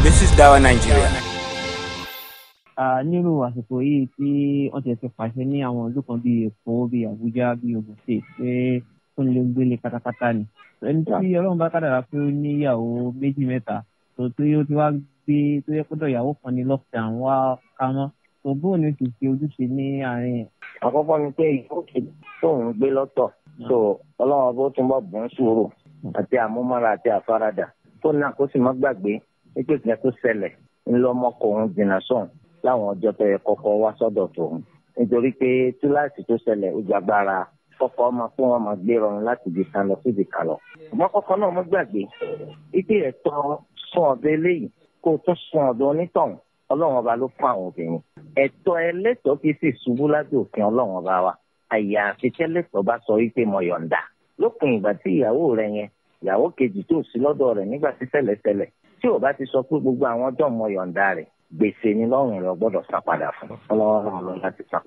This is Dawa Nigeria. nínú àsìkò yìí tí wọ́n ti ẹ̀sẹ̀ pàṣẹ ní àwọn ìlú kan bíi Èkó bíi Àbújá bíi Ògùn State pé tó ń lé gbélé pátápátá ni. ẹni tí Ọlọ́run bá kádàrá pé ó ní ìyàwó méjì mẹ́ta tó tó yóò ti wá gbé tó yẹ kódọ̀ ìyàwó kan ní lockdown wá ká mọ́ tó bóun ni kì í ṣe ojúṣe ní àárín ẹ̀. àkọ́kọ́ ni pé ìyàwó kejì tóun gbé lọ́tọ̀ hmm. so Ọlọ́run bó túnbọ̀ bùn sùúrù àti àmúmọ́ra àti àfaradà tó náà kó sì má gbàgbé wípé ìpínlẹ̀ tó ṣẹlẹ̀ ńlọmọkùnrin dènà sọ̀hún láwọn ọjọ́ tó yẹ kọ́kọ́ wá sọ́dọ̀ tòun nítorí pé túláàsì tó ṣẹlẹ̀ ojú agbára kọ́kọ́ ọmọ fún wọn máa gbé rọrùn láti di kan lọ sí ibi kan lọ. ṣùgbọ́n kọ́kọ́ náà mo gbàgbé wípé ẹ̀tọ́ sún ọ̀dọ̀ eléyìí kó o tún sún ọ̀dọ̀ onítọ̀hún ọlọ́run ọba ló fún àwọn obìnrin. ẹ̀tọ́ ẹlẹ́tọ̀ọ́ kì í sì ṣubú lábẹ́ òfin ọlọ́run ọba wa àyàfi tẹ́lẹ̀tọ̀ bá sọ wípé mo yọ̀ǹda lópin ìgbà tí ìyàwó rẹ yẹn ìyàwó kejì tó sí lọ́dọ̀ rẹ̀ nígbà tí ṣẹlẹ̀ ṣẹlẹ̀ tí ò bá ti sọ pé gbogbo àwọn ọjọ́ mọ yọ̀ǹda rẹ̀ gbèsè ni lọ́rùn rẹ̀ gbọ́dọ̀ sá fún ọlọ́run lọ láti sá